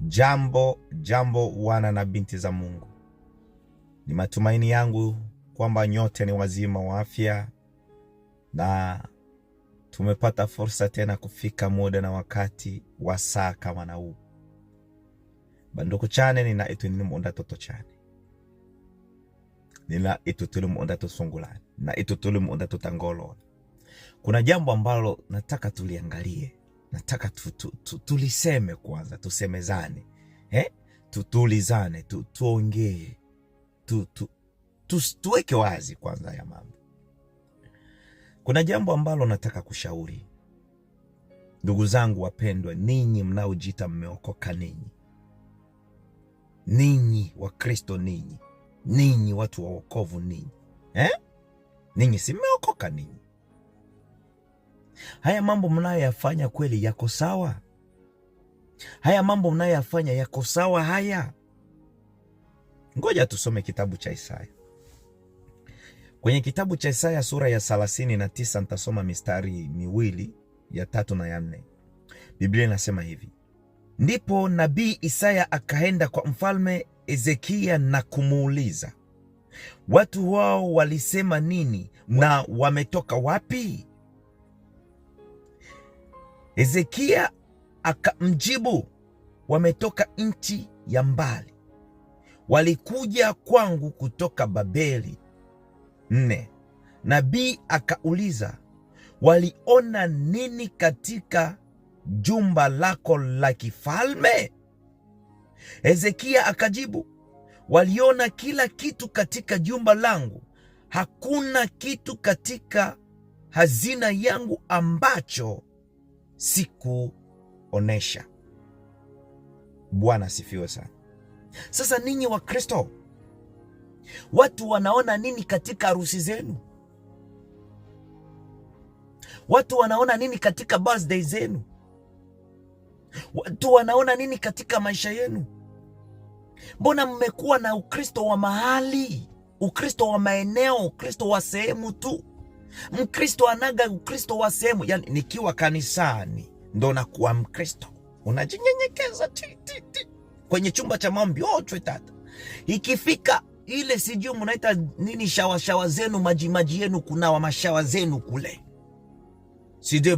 Jambo jambo, wana na binti za Mungu, ni matumaini yangu kwamba nyote ni wazima wa afya na tumepata fursa tena kufika muda na wakati wa saa kama na huu. Banduku chane ninaitwa nilimuunda toto chane ninaitwa tulimuunda tusungulani ninaitwa tulimuunda tutangolona. Kuna jambo ambalo nataka tuliangalie nataka tu, tu, tu, tuliseme kwanza, tusemezane eh? Tutulizane, tuongee tu, tu, tu, tuweke wazi kwanza ya mambo. Kuna jambo ambalo nataka kushauri ndugu zangu wapendwa, ninyi mnaojita mmeokoka, ninyi ninyi Wakristo, ninyi ninyi watu wa wokovu, ninyi eh? ninyi si mmeokoka ninyi Haya mambo mnayoyafanya kweli yako sawa? Haya mambo mnayoyafanya yako sawa? Haya, ngoja tusome kitabu cha Isaya. Kwenye kitabu cha Isaya sura ya 39 nitasoma mistari miwili ya tatu na ya nne. Biblia inasema hivi: ndipo nabii Isaya akaenda kwa mfalme Ezekia na kumuuliza, watu wao walisema nini na wametoka wapi? Hezekia akamjibu, wametoka nchi ya mbali, walikuja kwangu kutoka Babeli. Nne, nabii akauliza, waliona nini katika jumba lako la kifalme? Hezekia akajibu, waliona kila kitu katika jumba langu, hakuna kitu katika hazina yangu ambacho sikuonesha. Bwana asifiwe sana. Sasa ninyi Wakristo, watu wanaona nini katika harusi zenu? Watu wanaona nini katika birthday zenu? Watu wanaona nini katika maisha yenu? Mbona mmekuwa na Ukristo wa mahali, Ukristo wa maeneo, Ukristo wa sehemu tu? Mkristo anaga Ukristo wa sehemu, yani nikiwa kanisani ndo nakuwa Mkristo. Unajinyenyekeza ti, ti, ti, kwenye chumba cha maombi ochwe tata, ikifika ile sijui mnaita nini, shawashawa zenu majimaji yenu kunawa mashawa zenu kule sijui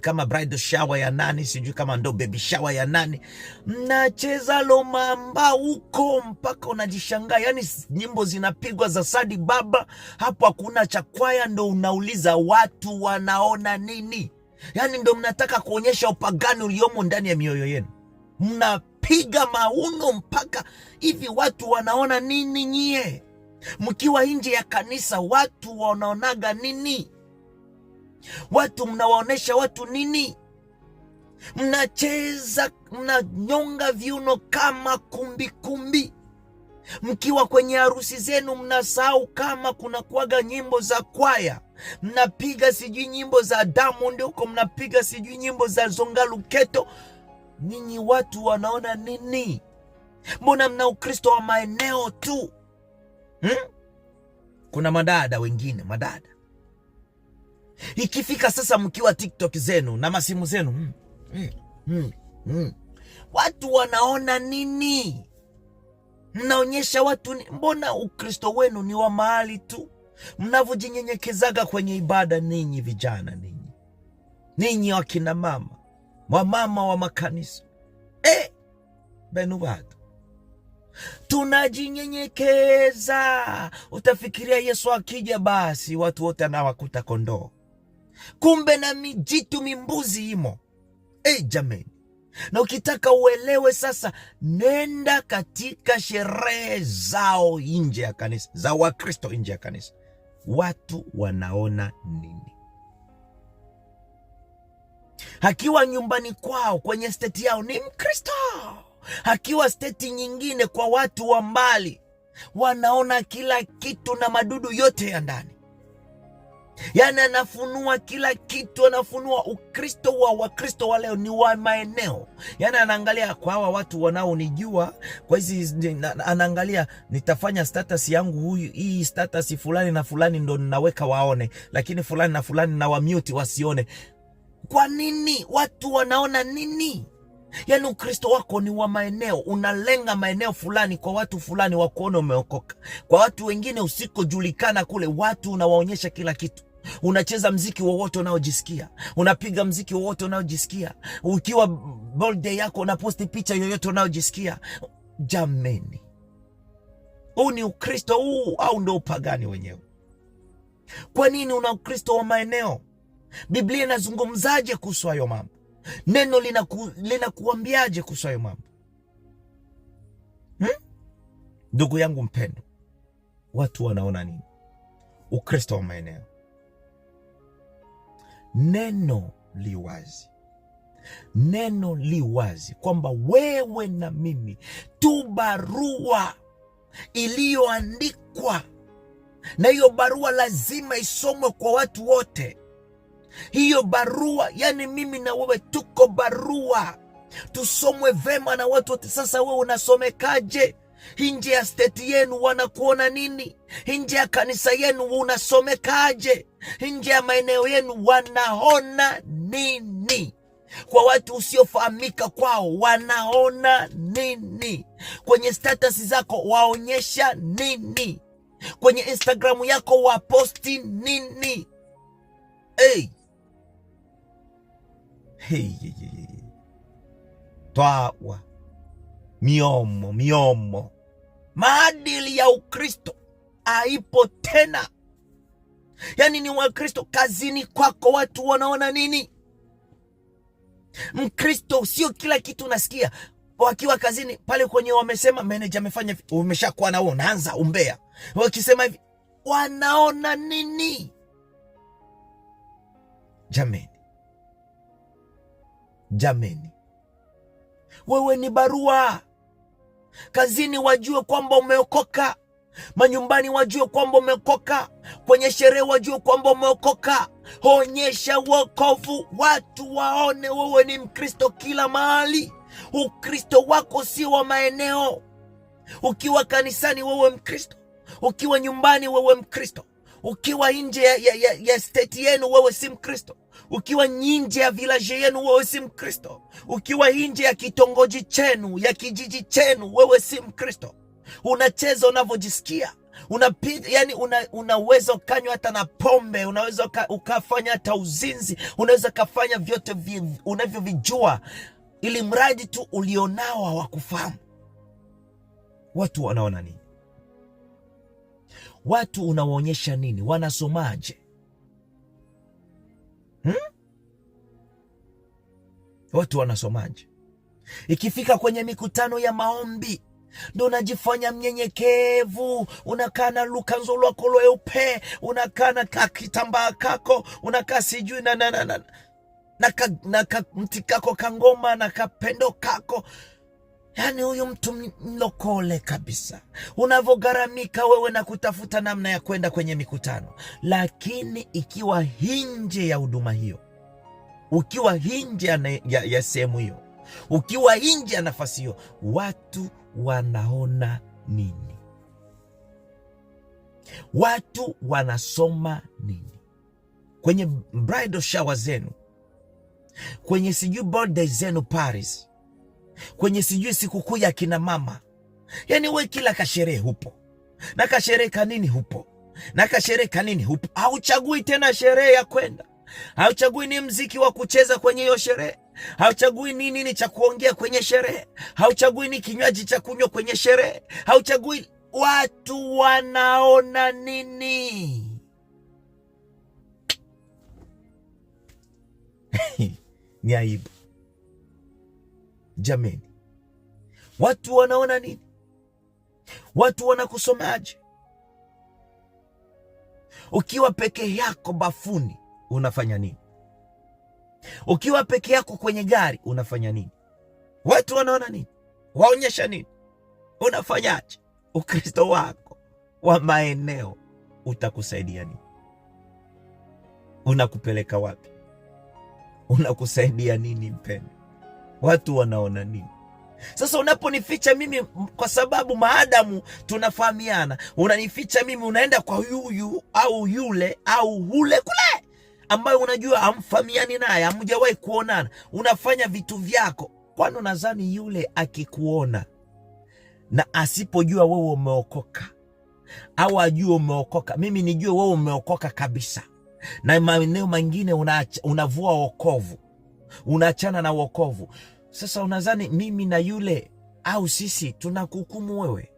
kama bridal shower ya nani, sijui kama ndo baby shower ya nani, mnacheza lomamba huko mpaka unajishangaa. Yani nyimbo zinapigwa za sadi baba, hapo hakuna cha kwaya, ndo unauliza watu wanaona nini? Yani ndo mnataka kuonyesha upagani uliomo ndani ya mioyo yenu, mnapiga mauno mpaka hivi, watu wanaona nini nyie? Mkiwa nje ya kanisa watu wanaonaga nini? Watu mnawaonesha watu nini? Mnacheza, mnanyonga viuno kama kumbi kumbi. Mkiwa kwenye harusi zenu mnasahau kama kuna kuaga nyimbo za kwaya, mnapiga sijui nyimbo za Diamond huko, mnapiga sijui nyimbo za Zonga Luketo. Ninyi watu wanaona nini? Mbona mna Ukristo wa maeneo tu hmm? Kuna madada wengine, madada Ikifika sasa mkiwa TikTok zenu na masimu zenu mm, mm, mm, mm. Watu wanaona nini? Mnaonyesha watu ni, mbona Ukristo wenu ni wa mahali tu mnavyojinyenyekezaga kwenye ibada, ninyi vijana, ninyi ninyi wakina mama, wamama wa makanisa e, benu watu tunajinyenyekeza. Utafikiria Yesu akija, basi watu wote anawakuta kondoo kumbe na mijitu mimbuzi imo. Hey, jamani, na ukitaka uelewe sasa, nenda katika sherehe zao nje ya kanisa, za Wakristo nje ya kanisa, watu wanaona nini? Akiwa nyumbani kwao kwenye steti yao ni Mkristo, akiwa steti nyingine kwa watu wa mbali, wanaona kila kitu na madudu yote ya ndani yaani anafunua kila kitu, anafunua Ukristo wa Wakristo wa leo ni wa maeneo, yaani anaangalia kwa hawa watu wanaonijua, kwa hizi anaangalia nitafanya status yangu huyu hii status fulani na fulani ndo ninaweka waone, lakini fulani na fulani na wamute wasione. Kwa nini? Watu wanaona nini? Yaani Ukristo wako ni wa maeneo, unalenga maeneo fulani, kwa watu fulani wakuona umeokoka, kwa watu wengine usikojulikana kule, watu unawaonyesha kila kitu unacheza mziki wowote unaojisikia, unapiga mziki wowote unaojisikia, ukiwa birthday yako unaposti picha yoyote unaojisikia. Jameni, huu ni Ukristo huu au ndo upagani wenyewe? Kwa nini una Ukristo wa maeneo? Biblia inazungumzaje kuhusu hayo mambo? Neno linakuambiaje lina kuhusu hayo mambo? Hmm? Ndugu yangu mpendo, watu wanaona nini Ukristo wa maeneo? neno li wazi, neno li wazi kwamba wewe na mimi tu barua iliyoandikwa, na hiyo barua lazima isomwe kwa watu wote. Hiyo barua, yani mimi na wewe tuko barua, tusomwe vema na watu wote. Sasa wewe unasomekaje? Nje ya steti yenu wanakuona nini? Nje ya kanisa yenu unasomekaje? Nje ya maeneo yenu wanaona nini? Kwa watu usiofahamika kwao wanaona nini? Kwenye status zako waonyesha nini? Kwenye Instagramu yako waposti nini? Hey. Hey, hey, hey. Twawa miomo miomo. Maadili ya Ukristo haipo tena. Yaani ni Wakristo kazini kwako, watu wanaona nini? Mkristo sio kila kitu unasikia wakiwa kazini pale kwenye wamesema meneja amefanya hivi, umeshakuwa na wewe unaanza umbea, wakisema hivi wanaona nini? Jameni, jameni, wewe ni barua kazini wajue kwamba umeokoka, manyumbani wajue kwamba umeokoka, kwenye sherehe wajue kwamba umeokoka. Onyesha wokovu, watu waone wewe ni Mkristo kila mahali. Ukristo wako si wa maeneo. Ukiwa kanisani wewe Mkristo, ukiwa nyumbani wewe Mkristo, ukiwa nje ya, ya, ya, ya steti yenu wewe si Mkristo. Ukiwa nje ya vilaje yenu, wewe si Mkristo. Ukiwa nje ya kitongoji chenu, ya kijiji chenu, wewe si Mkristo. Unacheza unavyojisikia una, yani una, unaweza ukanywa hata na pombe, unaweza ukafanya hata uzinzi, unaweza ukafanya vyote unavyovijua, ili mradi tu ulionao hawakufahamu. Watu wanaona nini? Watu unawaonyesha nini? Wanasomaje? Hmm? Watu wanasomaje? Ikifika kwenye mikutano ya maombi ndo unajifanya mnyenyekevu, unakaa na lukanzo lwako lweupe, unakaa na kakitambaa kako, unakaa sijui na, na, na, na, na, na, na, na, na kamti kako kangoma na kapendo kako Yaani huyu mtu mlokole kabisa, unavyogaramika wewe na kutafuta namna ya kwenda kwenye mikutano, lakini ikiwa hinje ya huduma hiyo, ukiwa hinje ya, ya, ya sehemu hiyo, ukiwa hinje ya nafasi hiyo, watu wanaona nini? Watu wanasoma nini kwenye bridal shower zenu, kwenye sijui birthday zenu Paris kwenye sijui sikukuu ya kina mama. Yaani we kila kasherehe hupo na kasherehe kanini hupo na kasherehe kanini hupo. Hauchagui tena sherehe ya kwenda, hauchagui ni mziki wa kucheza kwenye hiyo sherehe, hauchagui ni nini cha kuongea kwenye sherehe, hauchagui ni kinywaji cha kunywa kwenye sherehe, hauchagui watu wanaona nini. Ni aibu. Jameni, watu wanaona nini? Watu wanakusomaje? Ukiwa peke yako bafuni unafanya nini? Ukiwa peke yako kwenye gari unafanya nini? Watu wanaona nini? Waonyesha nini? Unafanyaje? Ukristo wako wa maeneo utakusaidia nini? Unakupeleka wapi? Unakusaidia nini mpendwa? watu wanaona nini? Sasa unaponificha mimi, kwa sababu maadamu tunafahamiana, unanificha mimi, unaenda kwa yuyu au yule au hule kule ambayo unajua amfahamiani naye, amjawahi kuonana, unafanya vitu vyako. Kwani unadhani yule akikuona na asipojua wewe umeokoka au ajue umeokoka, mimi nijue wewe umeokoka kabisa, na maeneo mengine unavua wokovu unaachana na wokovu. Sasa unadhani mimi na yule au sisi tunakuhukumu wewe?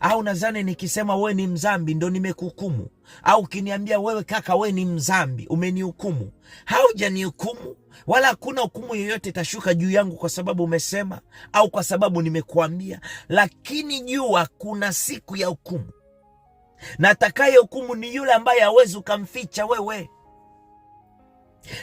Au nadhani nikisema wewe ni mzambi ndo nimekuhukumu? Au ukiniambia wewe kaka, wewe ni mzambi umenihukumu? Haujanihukumu, wala hakuna hukumu yoyote itashuka juu yangu kwa sababu umesema au kwa sababu nimekuambia. Lakini jua kuna siku ya hukumu, na atakaye hukumu ni yule ambaye hawezi ukamficha wewe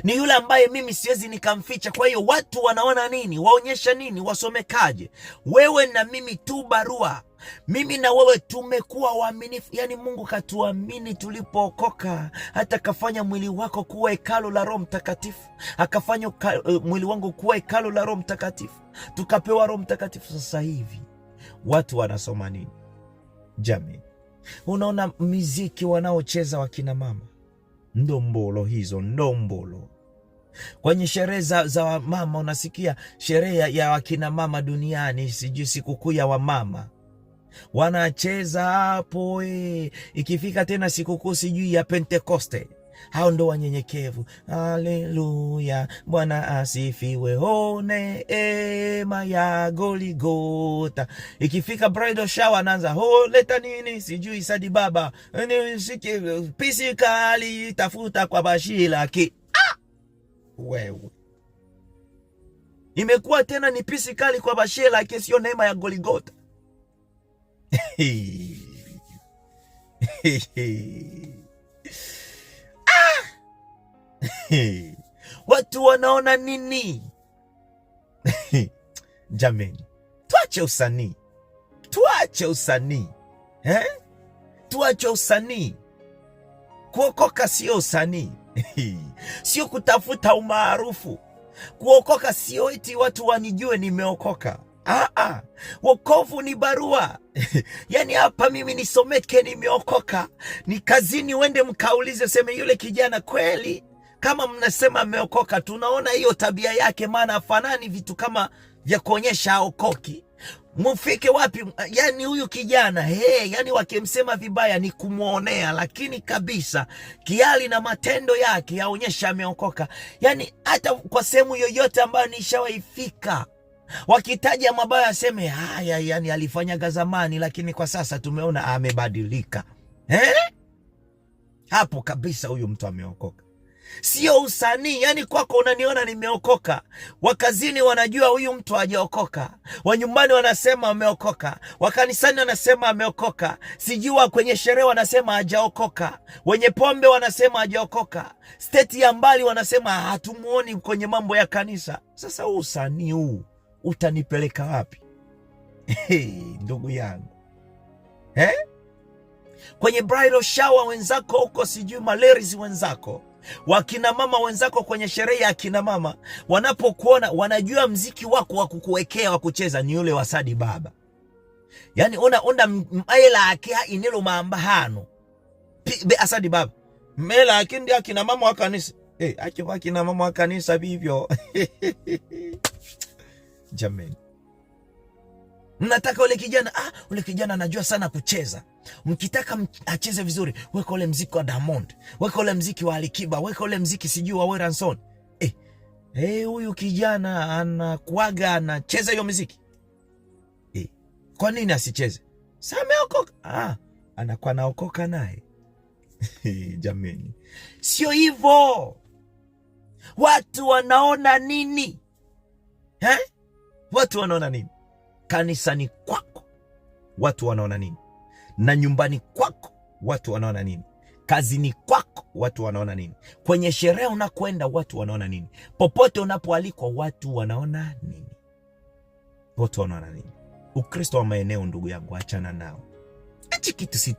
ni yule ambaye mimi siwezi nikamficha. Kwa hiyo watu wanaona nini? Waonyesha nini? Wasomekaje? Wewe na mimi tu barua, mimi na wewe tumekuwa waaminifu. Yaani Mungu katuamini tulipookoka, hata akafanya mwili wako kuwa hekalo la Roho Mtakatifu, akafanya eh, mwili wangu kuwa hekalo la Roho Mtakatifu, tukapewa Roho Mtakatifu. Sasa hivi watu wanasoma nini? Jamii, unaona miziki wanaocheza wakina mama ndombolo hizo ndombolo kwenye sherehe za, za wamama unasikia sherehe ya wakina mama duniani, sijui sikukuu ya wamama wanacheza hapo e. Ikifika tena sikukuu sijui ya Pentekoste hao ndo wanyenyekevu. Haleluya, Bwana asifiwe. O ema ya Goligota ikifika bridal shower anaanza ho, oh, leta nini sijui, sadi baba nisiki pisi kali, tafuta kwa bashila ki ah! wewe imekuwa tena ni pisi kali kwa bashila ki, sio neema ya Goligota. watu wanaona nini? Jameni, tuache usanii, tuache usanii eh? Tuache usanii. Kuokoka sio usanii sio kutafuta umaarufu. Kuokoka sio eti watu wanijue nimeokoka. Aa, wokovu ni barua yaani, hapa mimi nisomeke nimeokoka, ni kazini uende mkaulize, useme yule kijana kweli kama mnasema ameokoka, tunaona hiyo tabia yake, maana afanani vitu kama vya kuonyesha aokoki. Mufike wapi? Yani huyu kijana hey, yani wakimsema vibaya ni kumwonea, lakini kabisa kiali na matendo yake yaonyesha ameokoka. Yani hata kwa sehemu yoyote ambayo nishawaifika wakitaja mabaya aseme haya, yani alifanyaga zamani, lakini kwa sasa tumeona amebadilika eh? Hapo kabisa huyu mtu ameokoka sio usanii. Yani kwako unaniona nimeokoka, wakazini wanajua huyu mtu hajaokoka, wanyumbani wanasema ameokoka, wakanisani wanasema ameokoka, sijua kwenye sherehe wanasema hajaokoka, wenye pombe wanasema hajaokoka, steti ya mbali wanasema hatumuoni kwenye mambo ya kanisa. Sasa huu usanii huu utanipeleka wapi? Hey, ndugu yangu eh? Kwenye bridal shower wenzako huko, sijui maleris wenzako Wakina mama wenzako kwenye sherehe ya akina mama wanapokuona, wanajua mziki wako wa kukuwekea wa kucheza ni ule wa Sadi Baba. Yaani ona onda mela ake inelo mambahano be Asadi Baba mela ndi akina mama wa kanisa eh, akina mama wa kanisa vivyo jamani. Mnataka ule kijana ah, ule kijana anajua sana kucheza. Mkitaka acheze vizuri, weka ule mziki wa Diamond, weka ule mziki wa Alikiba, weka ule mziki sijui wa Weranson. Eh, eh, huyu kijana anakuaga anacheza hiyo mziki eh, kwa nini asicheze? ameokoka ah, anakuwa naokoka naye jamani, sio hivyo. Watu wanaona nini eh? Watu wanaona nini? kanisani kwako watu wanaona nini, na nyumbani kwako watu wanaona nini, kazini kwako watu wanaona nini, kwenye sherehe unakwenda watu wanaona nini, popote unapoalikwa watu wanaona nini, watu wanaona nini. Ukristo wa maeneo, ndugu yangu, achana nao. Hichi kitu si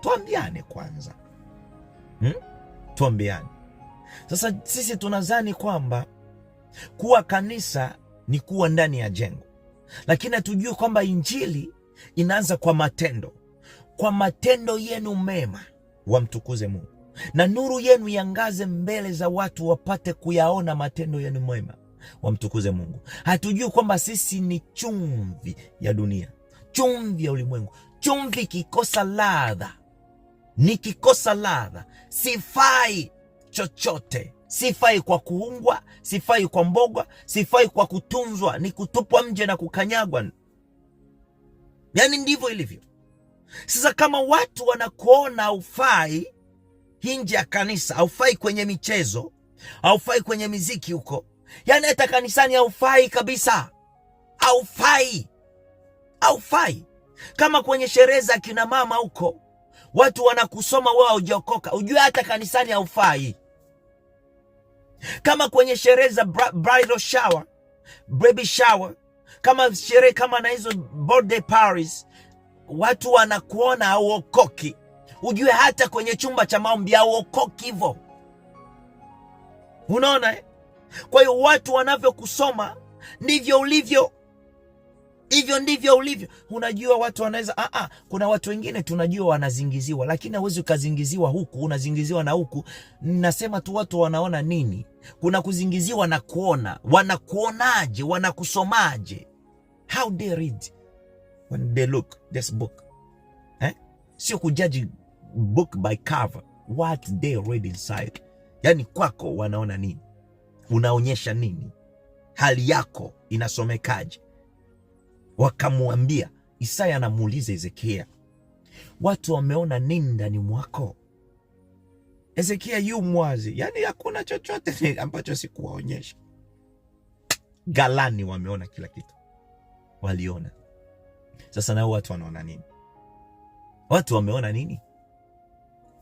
tuambiane kwanza, hmm? Tuambiane sasa. Sisi tunazani kwamba kuwa kanisa ni kuwa ndani ya jengo lakini hatujui kwamba injili inaanza kwa matendo. Kwa matendo yenu mema wamtukuze Mungu, na nuru yenu yangaze mbele za watu, wapate kuyaona matendo yenu mema wamtukuze Mungu. Hatujui kwamba sisi ni chumvi ya dunia, chumvi ya ulimwengu. Chumvi ikikosa ladha, nikikosa ladha sifai chochote. Sifai kwa kuungwa, sifai kwa mbogwa, sifai kwa kutunzwa, ni kutupwa nje na kukanyagwa. Yaani ndivyo ilivyo. Sasa kama watu wanakuona haufai nje ya kanisa, haufai kwenye michezo, haufai kwenye miziki huko, yaani hata kanisani haufai kabisa, haufai, haufai. Kama kwenye sherehe za kina mama huko watu wanakusoma wewe haujaokoka, ujue hata kanisani haufai kama kwenye sherehe za bridal shower, baby shower, kama sherehe kama na hizo birthday parties, watu wanakuona hauokoki. Ujue hata kwenye chumba cha maombi hauokoki hivyo, unaona eh? Kwa hiyo watu wanavyokusoma ndivyo ulivyo. Hivyo ndivyo ulivyo. Unajua watu wanaweza a ah, a, ah, kuna watu wengine tunajua wanazingiziwa, lakini hauwezi ukazingiziwa huku, unazingiziwa na huku. Nasema tu watu wanaona nini? Kuna kuzingiziwa na kuona. Wanakuonaje? Wanakusomaje? How they read when they look this book eh? Sio kujaji book by cover, what they read inside. Yani kwako wanaona nini? Unaonyesha nini? Hali yako inasomekaje? wakamwambia, Isaya anamuuliza Hezekia, watu wameona nini ndani mwako? Hezekia yu mwazi, yaani hakuna chochote ambacho sikuwaonyesha. Galani wameona kila kitu, waliona. Sasa nao watu wanaona nini? Watu wameona nini?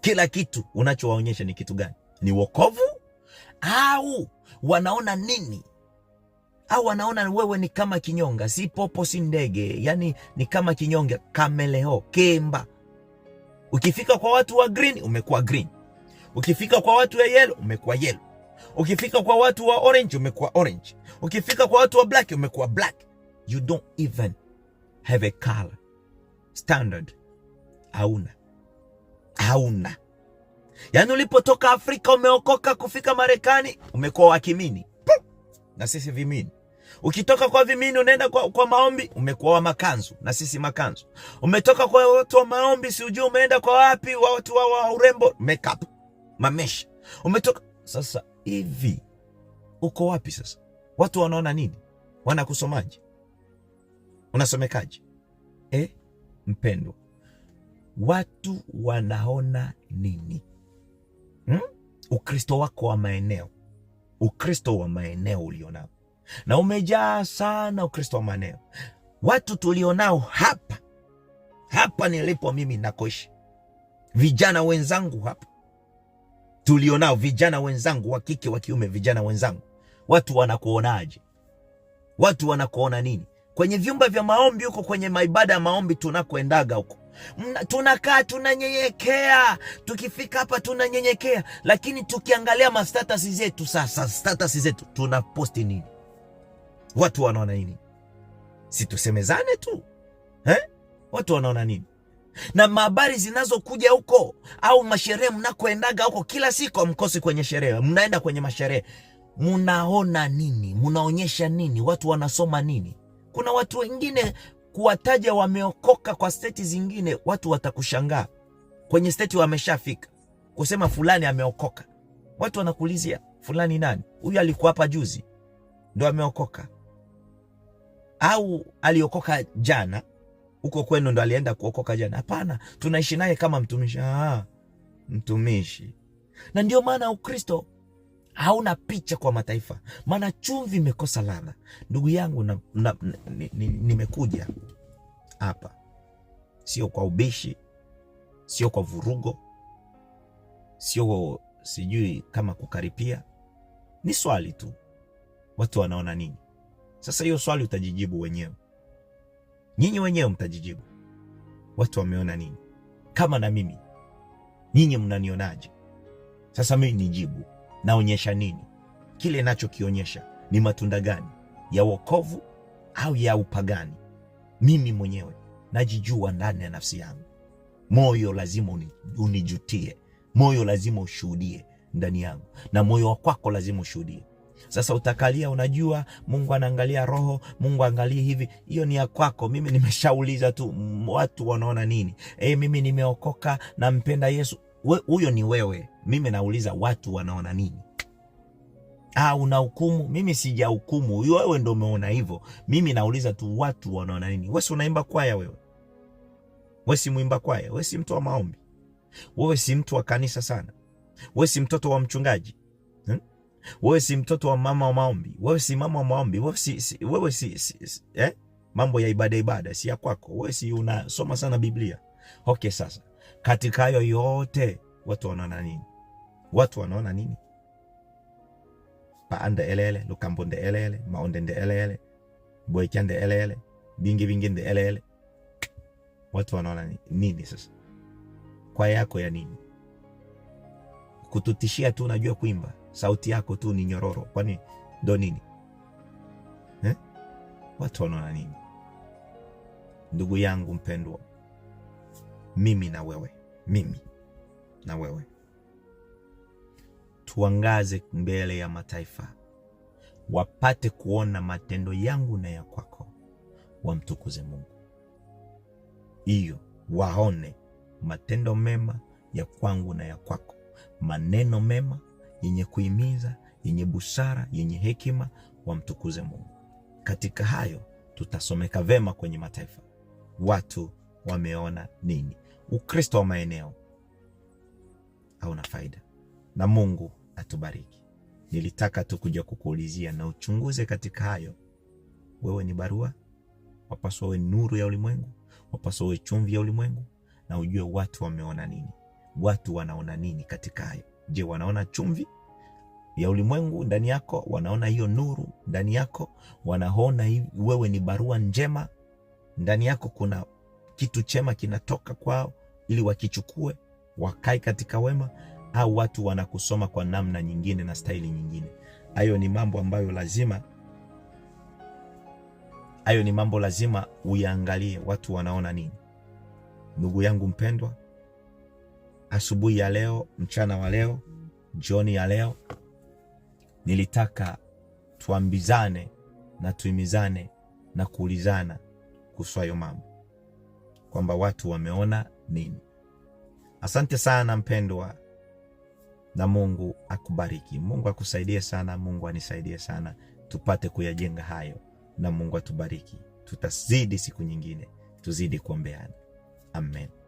Kila kitu unachowaonyesha ni kitu gani? Ni wokovu au wanaona nini au wanaona wewe ni kama kinyonga, si popo, si ndege, yani ni kama kinyonga, kameleo, kemba. Ukifika kwa watu wa green umekuwa green, ukifika kwa watu wa yellow umekuwa yellow, ukifika kwa watu wa orange umekuwa orange, ukifika kwa watu wa black umekuwa black. You don't even have a color standard, hauna hauna. Yani ulipotoka Afrika umeokoka kufika Marekani umekuwa wakimini na sisi vimini. Ukitoka kwa vimini unaenda kwa, kwa maombi, umekuwa wa makanzu na sisi makanzu. Umetoka kwa watu wa maombi, si umeenda kwa wapi, wa watu wa, wa urembo, makeup, mamesha. Umetoka sasa hivi uko wapi sasa? Watu wanaona nini? Wanakusomaje? Unasomekaje? Eh, mpendwa, watu wanaona nini? hmm? Ukristo wako wa maeneo, Ukristo wa maeneo ulionao na umejaa sana Ukristo wa maneno. Watu tulionao hapa hapa nilipo mimi nakoishi, vijana wenzangu hapa tulionao, vijana wenzangu wa kike, wa kiume, vijana wenzangu, watu wanakuonaje? Watu wanakuona nini? Kwenye vyumba vya maombi huko, kwenye maibada ya maombi tunakoendaga huko tunakaa tunanyenyekea, tukifika hapa tunanyenyekea, lakini tukiangalia mastatasi zetu sasa, statasi zetu tunaposti nini? Watu wanaona nini? situsemezane tu eh? Watu wanaona nini? Na mahabari zinazokuja huko au masherehe mnakoendaga huko kila siku, mkosi kwenye sherehe, mnaenda kwenye masherehe, mnaona nini? Mnaonyesha nini? Watu wanasoma nini? Kuna watu wengine kuwataja wameokoka kwa steti zingine, watu watakushangaa kwenye steti wameshafika kusema fulani ameokoka, watu wanakuulizia fulani nani? Huyu alikuwa hapa juzi ndo ameokoka au aliokoka jana huko kwenu ndo alienda kuokoka jana? Hapana, tunaishi naye kama mtumishi. Aa, ah, mtumishi. Na ndio maana Ukristo hauna picha kwa mataifa, maana chumvi imekosa ladha. Ndugu yangu, nimekuja hapa sio kwa ubishi, sio kwa vurugo, sio sijui kama kukaripia. Ni swali tu, watu wanaona nini? Sasa hiyo swali utajijibu wenyewe, nyinyi wenyewe mtajijibu, watu wameona nini? Kama na mimi nyinyi mnanionaje? Sasa mimi nijibu, naonyesha nini? Kile nachokionyesha ni matunda gani ya wokovu au ya upagani? Mimi mwenyewe najijua ndani ya nafsi yangu. Moyo lazima unijutie, moyo lazima ushuhudie ndani yangu, na moyo wa kwako lazima ushuhudie. Sasa utakalia, unajua Mungu anaangalia roho, Mungu aangalie hivi. Hiyo ni ya kwako, mimi nimeshauliza tu watu wanaona nini. E, mimi nimeokoka, nampenda Yesu. Huyo We, ni wewe, mimi nauliza watu wanaona nini? Ah, hukumu Mimi sija hukumu wewe ndo umeona hivyo. Mimi nauliza tu watu wanaona nini. wesi unaimba kwaya wewe? wesi mwimba kwaya? wesi mtu wa maombi? Wewe si mtu wa kanisa sana? wesi mtoto wa mchungaji? Wewe si mtoto wa mama wa maombi, wewe si mama wa maombi, wewe si, si, wewe si, si si eh? Mambo ya ibada ibada si ya kwako, wewe si unasoma sana Biblia. Okay, sasa katika hayo yote watu wanaona nini? Watu wanaona nini? Paande elele lukambo nde elele maonde nde elele nde elele bingi bingi nde elele, watu wanaona nini? Sasa kwa yako ya nini? Kututishia tu, unajua kuimba sauti yako tu ni nyororo, kwani ndo nini eh? Watu wanaona nini? Ndugu yangu mpendwa, mimi na wewe, mimi na wewe tuangaze mbele ya mataifa, wapate kuona matendo yangu na ya kwako, wamtukuze Mungu. Hiyo waone matendo mema ya kwangu na ya kwako, maneno mema yenye kuhimiza, yenye busara, yenye hekima, wamtukuze Mungu. Katika hayo tutasomeka vema kwenye mataifa, watu wameona nini. Ukristo wa maeneo hauna faida, na Mungu atubariki. Nilitaka tu kuja kukuulizia na uchunguze katika hayo. Wewe ni barua, wapaswa we nuru ya ulimwengu, wapaswa we chumvi ya ulimwengu, na ujue watu wameona nini, watu wanaona nini katika hayo. Je, wanaona chumvi ya ulimwengu ndani yako? Wanaona hiyo nuru ndani yako? Wanaona wewe ni barua njema ndani yako, kuna kitu chema kinatoka kwao ili wakichukue wakae katika wema, au watu wanakusoma kwa namna nyingine na staili nyingine? Hayo ni mambo ambayo lazima hayo ni mambo lazima uyaangalie, watu wanaona nini? Ndugu yangu mpendwa, asubuhi ya leo, mchana wa leo, jioni ya leo, nilitaka tuambizane na tuimizane na kuulizana kuhusu hayo mambo, kwamba watu wameona nini. Asante sana mpendwa, na Mungu akubariki, Mungu akusaidie sana, Mungu anisaidie sana, tupate kuyajenga hayo, na Mungu atubariki. Tutazidi siku nyingine, tuzidi kuombeana. Amen.